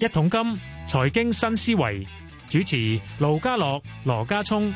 一桶金，財經新思維，主持盧家樂、羅家聰。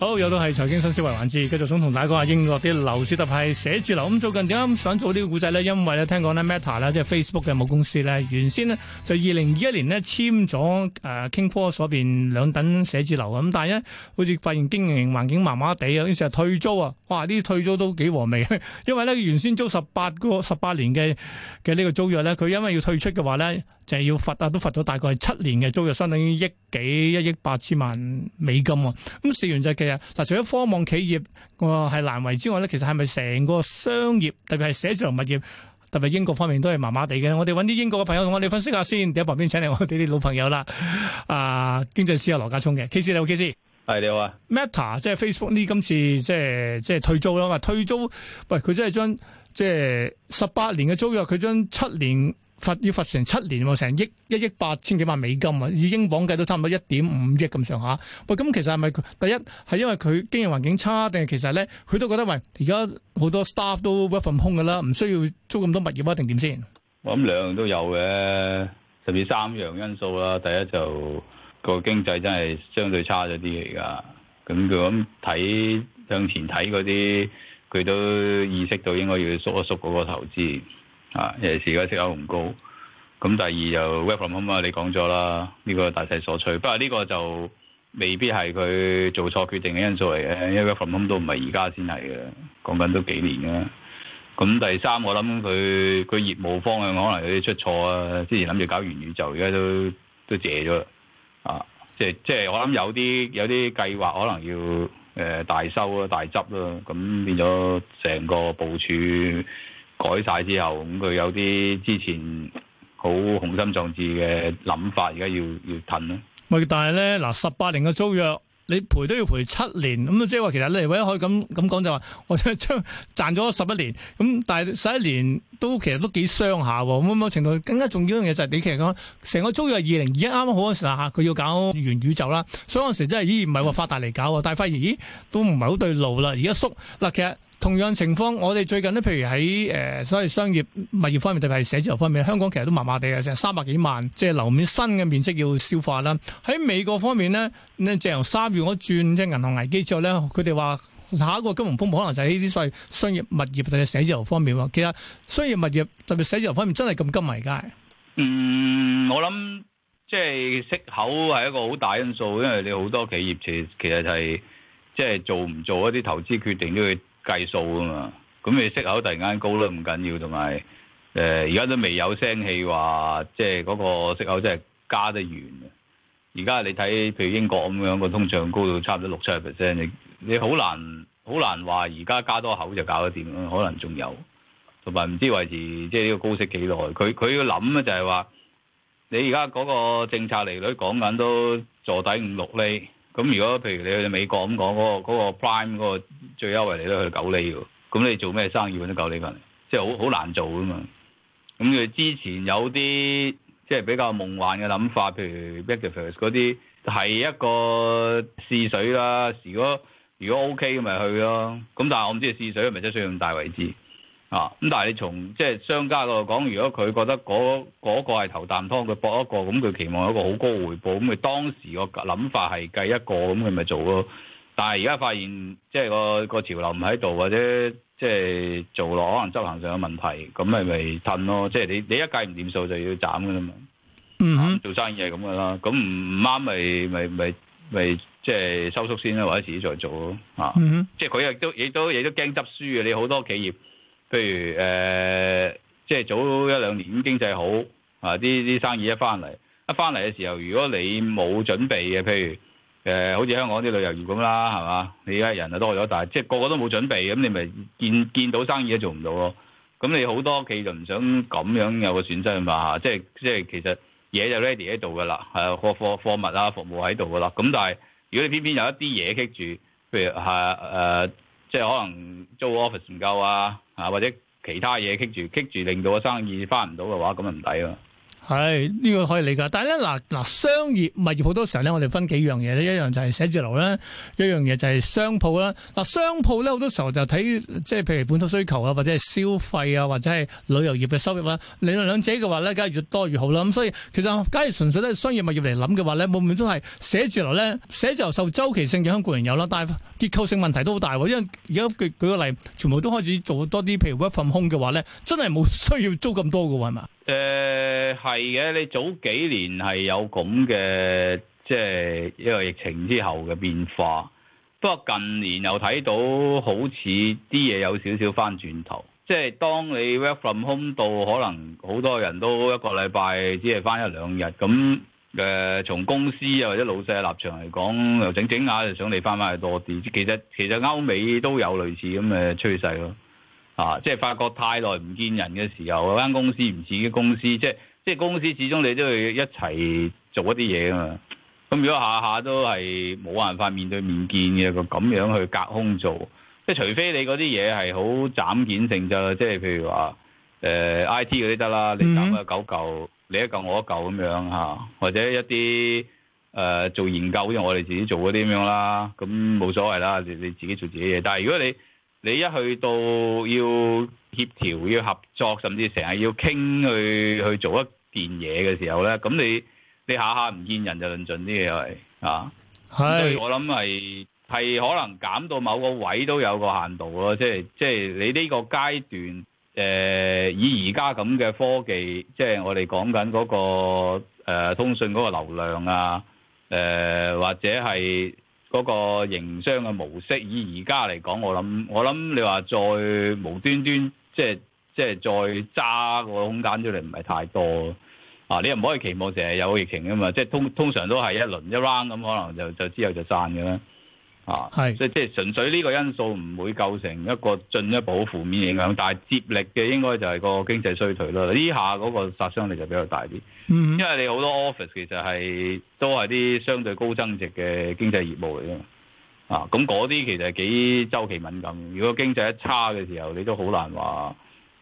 好，又到係財經新思維環節，繼續想同大家講下英國啲樓市特派寫，Meta，寫字樓。咁最近點解想做呢個古仔呢？因為咧聽講 Meta 即係 Facebook 嘅母公司咧，原先呢就二零二一年呢簽咗誒 Kingpo 所邊兩棟寫字樓咁，但係咧，好似發現經營環境麻麻地啊，於是啊退租啊，哇！啲退租都幾和味，因為呢，原先租十八個十八年嘅嘅呢個租約呢佢因為要退出嘅話呢，就要罰啊，都罰咗大概係七年嘅租約，相當於億幾一億八千萬美金咁試完就嗱，除咗科網企業個係難為之外咧，其實係咪成個商業，特別係寫字樓物業，特別英國方面都係麻麻地嘅。我哋搵啲英國嘅朋友同我哋分析下先。喺旁邊請嚟我哋啲老朋友啦。啊，經濟師阿羅家聰嘅，K C 你好，K C。係你好啊。Meta 即係 Facebook 呢？今次即係即係退租啦。退租，喂，佢真係將即係十八年嘅租約，佢將七年。罰要罰成七年，成億一億八千幾萬美金啊！以英鎊計都差唔多一點五億咁上下。喂，咁其實係咪第一係因為佢經營環境差，定係其實咧佢都覺得喂而家好多 staff 都 work from home 噶啦，唔需要租咁多物業啊？定點先？我諗兩樣都有嘅，甚至三樣因素啦。第一就個、是、經濟真係相對差咗啲嚟噶，咁佢咁睇向前睇嗰啲，佢都意識到應該要縮一縮嗰個投資。啊，尤其是而家息口唔高，咁第二就 Wealthfund 啊你講咗啦，呢、呢個大勢所趨，不過呢個就未必係佢做錯決定嘅因素嚟嘅，因為 Wealthfund 都唔係而家先係嘅，講緊都幾年嘅。咁第三，我諗佢佢業務方向可能有啲出錯啊，之前諗住搞元宇宙，而家都都謝咗啦。啊，即係即係我諗有啲有啲計劃可能要誒大收啊大執啦，咁變咗成個部署，改晒之後，咁佢有啲之前好雄心壯志嘅諗法，而家要要褪咯。喂，但係咧嗱，十八年嘅租約，你賠都要賠七年，咁即係話，其實你唯一可以咁咁講就話，我真係賺咗十一年，咁但係十一年都其實都幾傷下，咁某程度更加重要一樣嘢就係你其實講成個租約二零二一啱啱好嘅時候啊，佢要搞元宇宙啦，所以嗰時真係，咦唔係話發大嚟搞啊，但係發現咦都唔係好對路啦，而家縮嗱，其實。同樣情況，我哋最近咧，譬如喺、呃、所謂商業物業方面，特別係寫字樓方面，香港其實都麻麻地啊，成三百幾萬，即係樓面新嘅面積要消化啦。喺美國方面咧，你自由三月嗰轉即係銀行危機之後咧，佢哋話下一個金融風暴可能就喺啲所謂商業物業或者寫字樓方面，其實商業物業特別寫字樓方面真係咁急埋街。嗯，我諗即係息口係一個好大因素，因為你好多企業其其實就係即係做唔做一啲投資決定都要，計數啊嘛，咁你息口突然間高得唔緊要，同埋誒而家都未有聲氣話，即係嗰個息口真係加得完啊！而家你睇，譬如英國咁樣個通脹高到差唔多六七 percent，你你好難好難話而家加多口就搞得掂！可能仲有，同埋唔知維持即係呢個高息幾耐？佢佢要諗咧就係話，你而家嗰個政策利率講緊都坐底五六厘。咁如果譬如你去美國咁講嗰個 Prime 嗰個最優惠嚟都去九厘喎，咁你做咩生意揾啲九厘翻嚟？即係好好難做㗎嘛。咁佢之前有啲即係比較夢幻嘅諗法，譬如 Metaverse 嗰啲係一個試水啦。如果如果 OK 咁咪去咯。咁但係我唔知試水係咪真係需要咁大位置？啊！咁但係你從即係商家度講，如果佢覺得嗰嗰個係頭啖湯，佢搏一個，咁佢期望有一個好高回報，咁佢當時個諗法係計一個，咁佢咪做咯。但係而家發現即係個個潮流唔喺度，或者即係做落可能執行上有問題，咁咪咪褪咯。即係你你一計唔掂數，就要斬噶啦嘛。嗯，做生意係咁噶啦。咁唔唔啱咪咪咪咪即係收縮先啦，或者自己再做咯。啊，即係佢亦都亦都亦都驚執輸啊。你好多企業。譬如誒，即、呃、係、就是、早一兩年經濟好，啊啲啲生意一翻嚟，一翻嚟嘅時候，如果你冇準備嘅，譬如誒，好、呃、似香港啲旅遊業咁啦，係嘛？你而家人就多咗，但係即係個個都冇準備，咁你咪見見到生意都做唔到咯。咁你好多企業就唔想咁樣有個損失嘛。即係即係其實嘢就 ready 喺度㗎啦，係貨貨貨物啊服務喺度㗎啦。咁但係如果你偏偏有一啲嘢棘住，譬如係誒，即、啊、係、呃就是、可能租 office 唔夠啊。啊，或者其他嘢棘住棘住，令到個生意翻唔到嘅話，咁就唔抵咯。係呢、這個可以理解，但係咧，嗱，嗱商業物業好多時候咧，我哋分幾樣嘢咧，一樣就係寫字樓啦，一樣嘢就係商鋪啦。嗱，商鋪咧好多時候就睇，即係譬如本土需求啊，或者係消費啊，或者係旅遊業嘅收入啦。兩兩者嘅話咧，梗係越多越好啦。咁所以其實假如純粹咧商業物業嚟諗嘅話咧，冇乜都係寫字樓咧，寫字樓受周期性影響固然有啦，但係結構性問題都好大喎。因為而家舉舉個例全部都開始做多啲，譬如一份空嘅話咧，真係冇需要租咁多嘅係嘛？誒，係嘅，你早幾年係有咁嘅，即係一個疫情之後嘅變化。不過近年又睇到好似啲嘢有少少翻轉頭，即係當你 work from home 到，可能好多人都一個禮拜只係翻一兩日。咁誒，從公司又或者老細嘅立場嚟講，又整整下就想你翻返去多啲。其實其實歐美都有類似咁嘅趨勢咯。啊！即係發覺太耐唔見人嘅時候，嗰間公司唔似啲公司，即係即係公司始終你都要一齊做一啲嘢噶嘛。咁如果下下都係冇辦法面對面見嘅，咁樣去隔空做，即係除非你嗰啲嘢係好斬件性質，即係譬如話誒 IT 嗰啲得啦，你斬個九嚿，你一嚿我一嚿咁樣吓，啊，或者一啲誒、呃、做研究，因為我哋自己做嗰啲咁樣啦，咁冇所謂啦，你你自己做自己嘢。但係如果你你一去到要協調、要合作，甚至成日要傾去去做一件嘢嘅時候呢，咁你你下下唔見人就論盡啲嘢係啊，所以我諗係係可能減到某個位都有個限度咯，即係即係你呢個階段，誒以而家咁嘅科技，即係我哋講緊嗰個誒通訊嗰個流量啊，誒或者係。嗰個營商嘅模式，以而家嚟講，我諗我諗你話再無端端，即係即係再揸個空間出嚟，唔係太多啊！你又唔可以期望成日有疫情啊嘛，即係通通常都係一輪一 round 咁，可能就就之後就散嘅啦。啊，係，即係純粹呢個因素唔會構成一個進一步負面影響，但係接力嘅應該就係個經濟衰退啦。呢下嗰個殺傷力就比較大啲，因為你好多 office 其實係都係啲相對高增值嘅經濟業務嚟嘅嘛。啊，咁嗰啲其實幾周期敏感。如果經濟一差嘅時候，你都好難話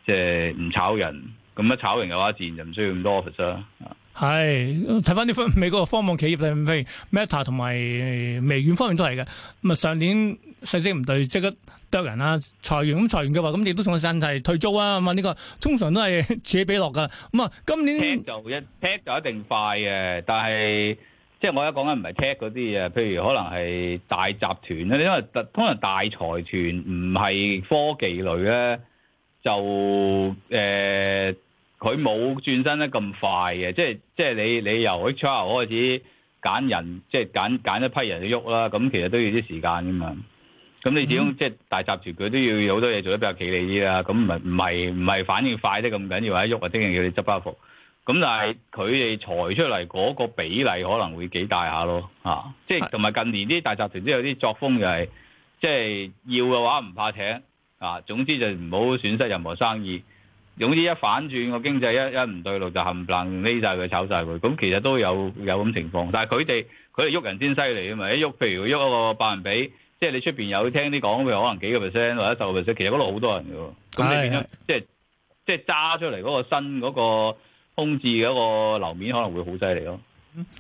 即係唔炒人。咁一炒人嘅話，自然就唔需要咁多 office 啦。係，睇翻啲科美國嘅科網企業，例如 Meta 同埋微軟方面都係嘅。咁啊，上年細聲唔對，即刻剁人啦，裁員咁裁員嘅話，咁亦都仲有身提退租啊，咁啊呢個通常都係此起彼落噶。咁啊，今年就一跌就一定快嘅，但係即係我而家講緊唔係跌嗰啲啊，譬如可能係大集團咧，因為通常大財團唔係科技類咧，就誒。呃佢冇轉身得咁快嘅，即係即係你你由 HR 開始揀人，即係揀揀一批人去喐啦。咁其實都要啲時間嘅嘛。咁你始終、嗯、即係大集團，佢都要有好多嘢做得比較企理啲啦。咁唔唔係唔係反應快得咁緊要，或者喐即係叫你執包袱。咁但係佢哋裁出嚟嗰個比例可能會幾大下咯吓。即係同埋近年啲大集團都有啲作風、就是，就係即係要嘅話唔怕請啊。總之就唔好損失任何生意。總之一反轉個經濟一一唔對路就冚唪唥匿曬佢炒曬佢，咁其實都有有咁情況。但係佢哋佢哋喐人先犀利啊嘛！一喐，譬如喐一個百分比，即係你出邊有聽啲講，譬如可能幾個 percent 或者十個 percent，其實嗰度好多人㗎喎。咁你變咗即係即係揸出嚟嗰個新嗰個空置嗰一個樓面，可能會好犀利咯。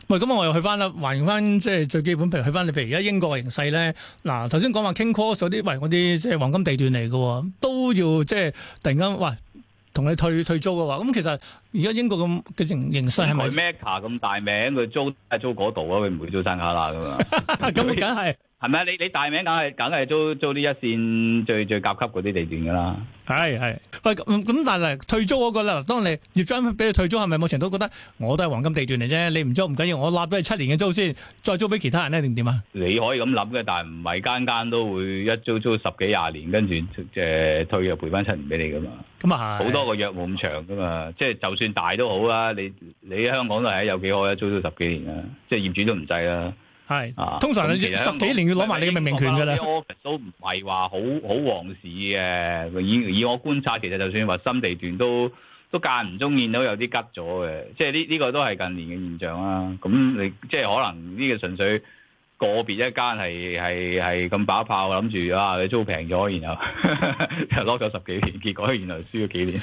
喂，咁我又去翻啦，還原翻即係最基本，譬如去翻你譬如而家英國嘅形勢咧。嗱，頭先講話 King's Cross 嗰啲，喂，嗰啲即係黃金地段嚟㗎喎，都要即係突然間喂。同你退退租嘅話，咁其實而家英國咁嘅形形勢係咪？Meta 咁大名，佢租租嗰度啊，佢唔會租山卡啦，咁樣。咁梗係。係咪啊？你你大名梗係梗係租租啲一線最最甲級嗰啲地段噶啦，係係喂，咁但係退租嗰個啦，當你業主俾你退租，係咪目前都覺得我都係黃金地段嚟啫？你唔租唔緊要，我立咗你七年嘅租先，再租俾其他人咧，點點啊？你可以咁諗嘅，但係唔係間間都會一租租十幾廿年，跟住、呃、退又賠翻七年俾你噶嘛？咁啊係，好多個約冇咁長噶嘛？即係就算大都好啦，你你香港都係有幾開啊？一租到十幾年啦，即係業主都唔制啦。係，通常你十幾年要攞埋你嘅命名權噶啦。啊、其實都唔係話好好旺市嘅，以以我觀察，其實就算話核心地段都都間唔中見到都有啲吉咗嘅，即係呢呢個都係近年嘅現象啦。咁你即係可能呢個純粹。個別一間係係係咁把炮，諗住啊，你租平咗，然後呵呵又攞咗十幾年，結果原來輸咗幾年。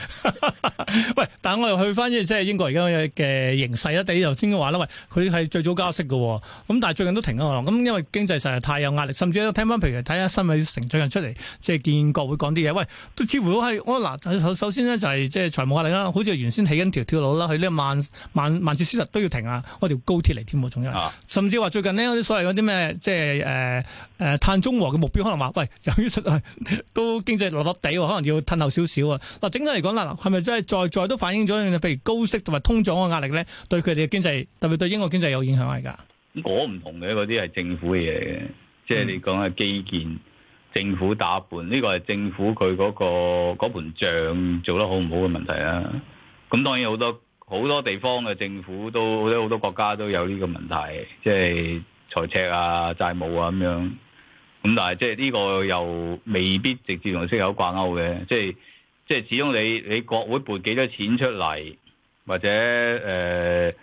喂，但係我又去翻即係英國而家嘅形勢啦。你頭先嘅話啦，喂，佢係最早加息嘅，哦，咁但係最近都停咗落。咁因為經濟實在太有壓力，甚至都聽翻譬如睇下新聞最近出嚟，即係建國會講啲嘢。喂，都似乎都係我嗱首先呢就係即係財務壓力啦。好似原先起緊條鐵路啦，佢呢曼曼曼徹斯特都要停條還還啊，開條高鐵嚟添，仲有。甚至話最近呢，嗰啲所謂嗰啲。咩即係誒誒碳中和嘅目標，可能話喂，由於實在都經濟落落地，可能要褪後少少啊。嗱，整體嚟講啦，係咪真係再再都反映咗，譬如高息同埋通脹嘅壓力咧，對佢哋嘅經濟，特別對英國經濟有影響嚟噶？我、嗯、唔、那個、同嘅，嗰啲係政府嘅嘢，即係你講係基建，政府打盤呢個係政府佢嗰、那個嗰盤賬做得好唔好嘅問題啦。咁當然好多好多地方嘅政府都，好多國家都有呢個問題，即係。財赤啊、債務啊咁樣，咁但係即係呢個又未必直接同私有掛鈎嘅，即係即係始終你你國會撥幾多錢出嚟，或者誒嗰、呃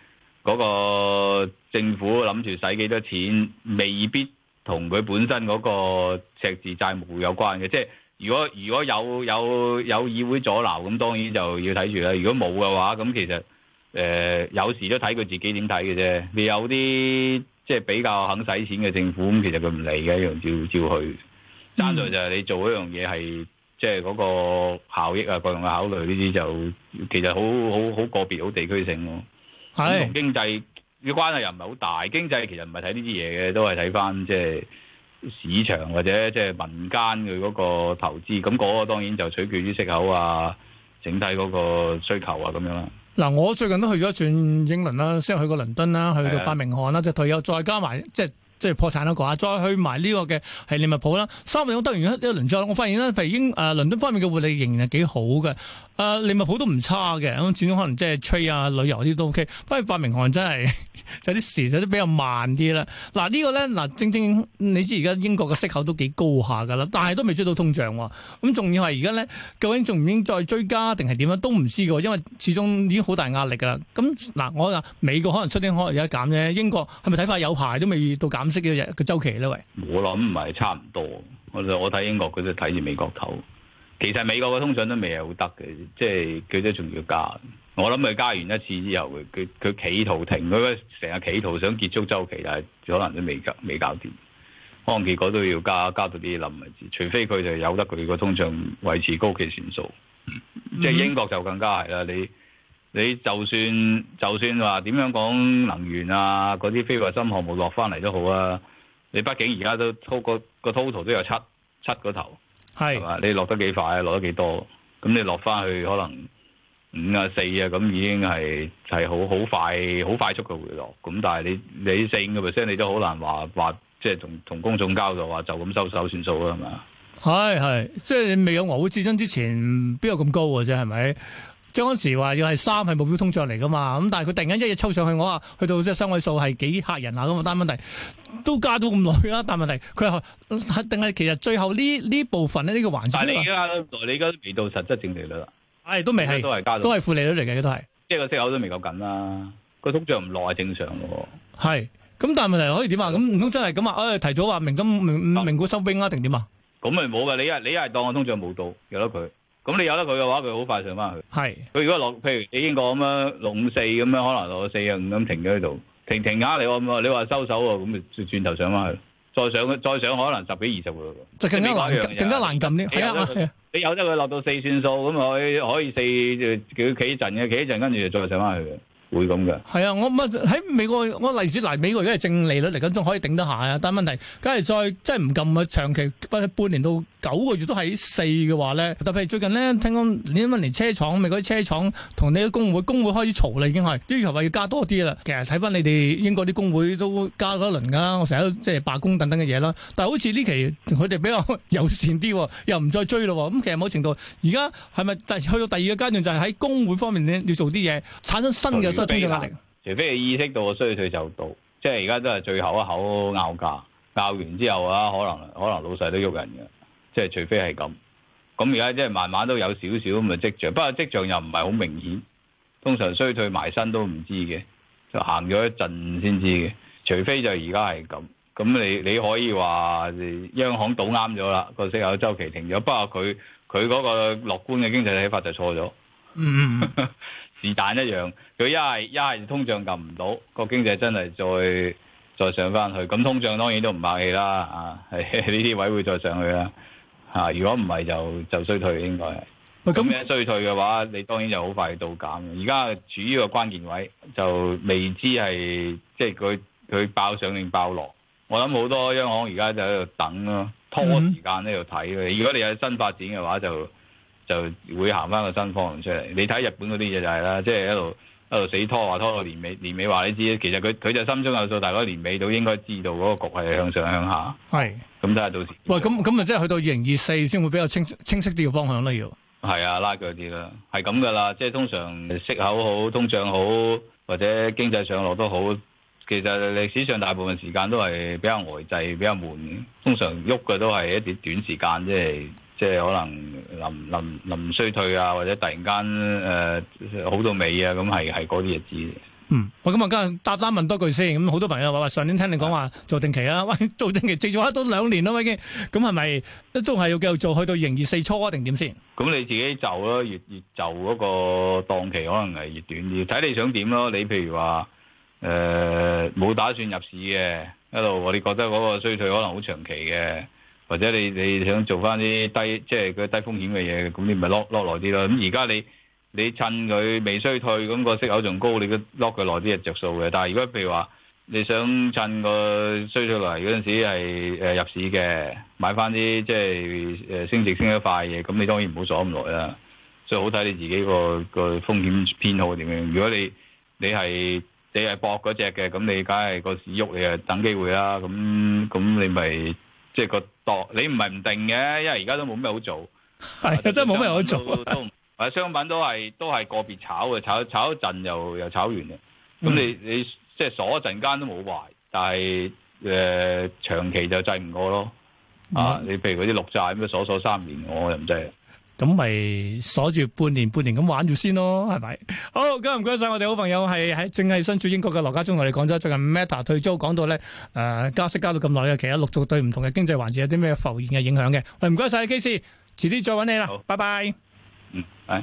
那個政府諗住使幾多錢，未必同佢本身嗰個赤字債務有關嘅。即係如果如果有有有議會阻撓，咁當然就要睇住啦。如果冇嘅話，咁其實誒、呃、有時都睇佢自己點睇嘅啫。你有啲。即、就、係、是、比較肯使錢嘅政府，咁其實佢唔理嘅一樣照照去。爭在就係你做一樣嘢係，即係嗰個效益啊，各樣嘅考慮呢啲就其實好好好個別，好地區性咯。同、那個、經濟嘅關係又唔係好大。經濟其實唔係睇呢啲嘢嘅，都係睇翻即係市場或者即係民間佢嗰個投資。咁、那、嗰個當然就取決於息口啊、整體嗰個需求啊咁樣啦。嗱，我最近都去咗一轉英倫啦，先去過倫敦啦，去到北明翰啦，即係退休，再加埋即係。即係破產嗰個啊，再去埋呢個嘅係利物浦啦，三樣得完一輪再，我發現啦。譬如英誒、呃、倫敦方面嘅匯率仍然幾好嘅，誒、呃、利物浦都唔差嘅，咁始終可能即係吹 r 啊旅遊啲都 OK，不過發明行真係 有啲事，有啲比較慢啲啦。嗱、這個、呢個咧嗱，正正你知而家英國嘅息口都幾高下㗎啦，但係都未追到通脹喎。咁、啊、仲要係而家咧，究竟仲唔應再追加定係點咧，都唔知嘅，因為始終已經好大壓力㗎啦。咁嗱，我話美國可能出年可能有得減啫，英國係咪睇法有排都未到減？識幾日個周期咯？喂，我諗唔係差唔多，我就我睇英國，佢都睇住美國頭。其實美國嘅通脹都未係好得嘅，即係佢都仲要加。我諗佢加完一次之後，佢佢企圖停，佢成日企圖想結束周期，但係可能都未搞未搞掂。可能結果都要加，加到啲冧為止。除非佢就有得佢個通脹維持高企算數，即係英國就更加係啦。你。你就算就算話點樣講能源啊嗰啲非核心項目落翻嚟，都好啊！你畢竟而家都、那個、那個個 total 都有七七個頭，係你落得幾快、啊，落得幾多？咁你落翻去可能五啊四啊咁，已經係係好好快好快速嘅回落。咁但係你你四個 percent 你都好難話話即係同同公眾交代話就咁收手算數啦嘛？係係，即係未有國會咨身之前，邊有咁高啫、啊？係咪？將嗰時話要係三係目標通脹嚟噶嘛，咁但係佢突然間一日抽上去，我話去到即係三位數係幾吓人啊咁，但、那、係、個、問題都加到咁耐啦。但問題佢定係其實最後呢呢部分呢呢、這個環節但係你而家，你而家未到實質正率、哎、利率啦，係都未係，都係加，都係負利率嚟嘅都係，即係個息口都未夠緊啦。個通脹唔落係正常嘅，係咁但係問題可以點啊？咁唔通真係咁話，誒、哎、提早話明今明明股收兵啊？定點啊？咁咪冇噶，你又你一係當我通脹冇到，由得佢。咁你有得佢嘅話，佢好快上翻去。係佢如果落，譬如你英國咁樣六五四咁樣，可能落到四啊，五咁停咗喺度。停停下你我你話收手啊，咁咪轉頭上翻去，再上再上可能十幾二十個。就更加難，更加難撳啲。係啊，啊，你有得佢落到四算數，咁啊可，可以四叫企一陣嘅，企一陣跟住再上翻去嘅，會咁嘅。係啊，我唔喺美國，我例子嚟美國，而家係正利率嚟緊，仲可以頂得下啊。但問題，梗係再真係唔撳啊，長期不半年都。九個月都喺四嘅話咧，特別最近咧，聽講你諗下連車廠，咪嗰啲車廠同你嘅工會工會開始嘈啦，已經係要求話要加多啲啦。其實睇翻你哋英國啲工會都加咗一輪噶啦，我成日都即係罷工等等嘅嘢啦。但係好似呢期佢哋比較友善啲，又唔再追咯。咁其實某程度，而家係咪第去到第二個階段，就係、是、喺工會方面咧，要做啲嘢，產生新嘅嗰個壓力。除非你意識到我衰退就到，即係而家都係最後一口拗價，拗完之後啊，可能可能老細都喐人嘅。即係除非係咁，咁而家即係慢慢都有少少咁嘅跡象，不過跡象又唔係好明顯。通常衰退埋身都唔知嘅，就行咗一陣先知嘅。除非就而家係咁，咁你你可以話央行倒啱咗啦，個息口周期停咗。不過佢佢嗰個樂觀嘅經濟睇法就錯咗。mm-hmm. 是但一樣。佢一係一係通脹撳唔到，個經濟真係再再上翻去。咁通脹當然都唔買氣啦，唔客氣。啊，呢啲位會再上去啦。啊！如果唔係就就衰退應該係。咁樣衰退嘅話，你當然就好快到減。而家處於個關鍵位，就未知係即係佢佢爆上定爆落。我諗好多央行而家就喺度等咯，拖時間喺度睇。如果你有新發展嘅話，就就會行翻個新方向出嚟。你睇日本嗰啲嘢就係啦，即係一路。喺度死拖話、啊、拖到年尾，年尾話你知，其實佢佢就心中有數，大概年尾都應該知道嗰個局係向上向下。咁都係到時。喂，咁咁啊，即係去到二零二四先會比較清清晰啲嘅方向咯。要，係啊，拉佢啲啦，係咁噶啦，即係通常息口好，通脹好，或者經濟上落都好，其實歷史上大部分時間都係比較呆滯、比較悶，通常喐嘅都係一啲短時間即係。就是即係可能臨臨臨衰退啊，或者突然間誒、呃、好到尾啊，咁係係嗰啲日子。嗯，我咁啊，家下答多問多句先。咁好多朋友話話上年聽你講話做定期啊喂，做定期最早都兩年啦，已經咁係咪都係要繼續做，去到營業四初啊，定點先？咁你自己就咯，越越就嗰個檔期可能係越短啲，睇你想點咯。你譬如話誒冇打算入市嘅，一路我哋覺得嗰個衰退可能好長期嘅。或者你你想做翻啲低即係嗰低風險嘅嘢，咁你咪 lock lock 耐啲咯。咁而家你你趁佢未衰退，咁個息口仲高，你都 lock 佢耐啲係着數嘅。但係如果譬如話你想趁個衰退嚟嗰陣時係誒入市嘅，買翻啲即係誒升值升得快嘅嘢，咁你當然唔好鎖咁耐啦。所以好睇你自己個個風險偏好點樣。如果你你係你係搏嗰隻嘅，咁你梗係個市喐，你呀等機會啦。咁咁你咪。即係個度，你唔係唔定嘅，因為而家都冇咩好做，係、啊、真係冇咩好做，都，或商品都係都係個別炒嘅，炒炒一陣又又炒完嘅，咁你你即係鎖一陣間都冇壞，但係誒、呃、長期就制唔過咯、嗯，啊，你譬如嗰啲綠債咁樣鎖鎖三年，我又唔制。咁咪鎖住半年半年咁玩住先咯，係咪？好，今日唔該晒，我哋好朋友係喺正係身處英國嘅羅家聰，我哋講咗最近 Meta 退租，講到咧誒、呃、加息加到咁耐嘅，其實陸續對唔同嘅經濟環境有啲咩浮現嘅影響嘅。喂，唔該晒，KC，遲啲再搵你啦，拜拜，嗯，拜。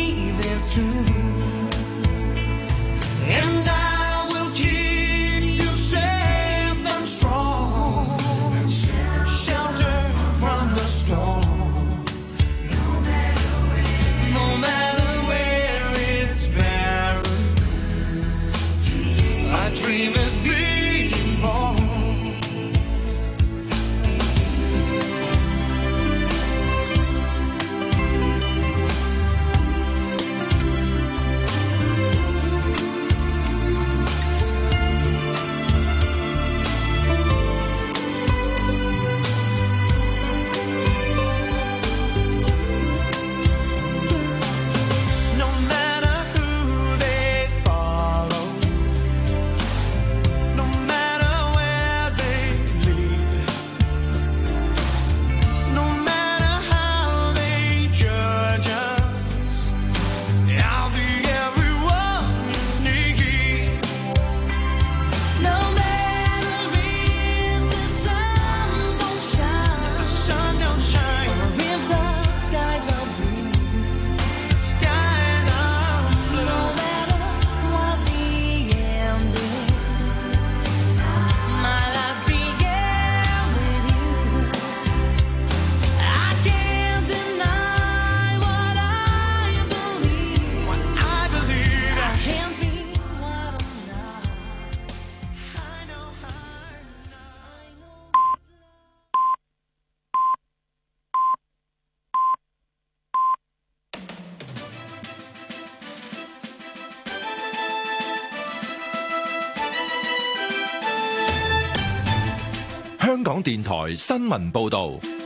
電台新聞報道。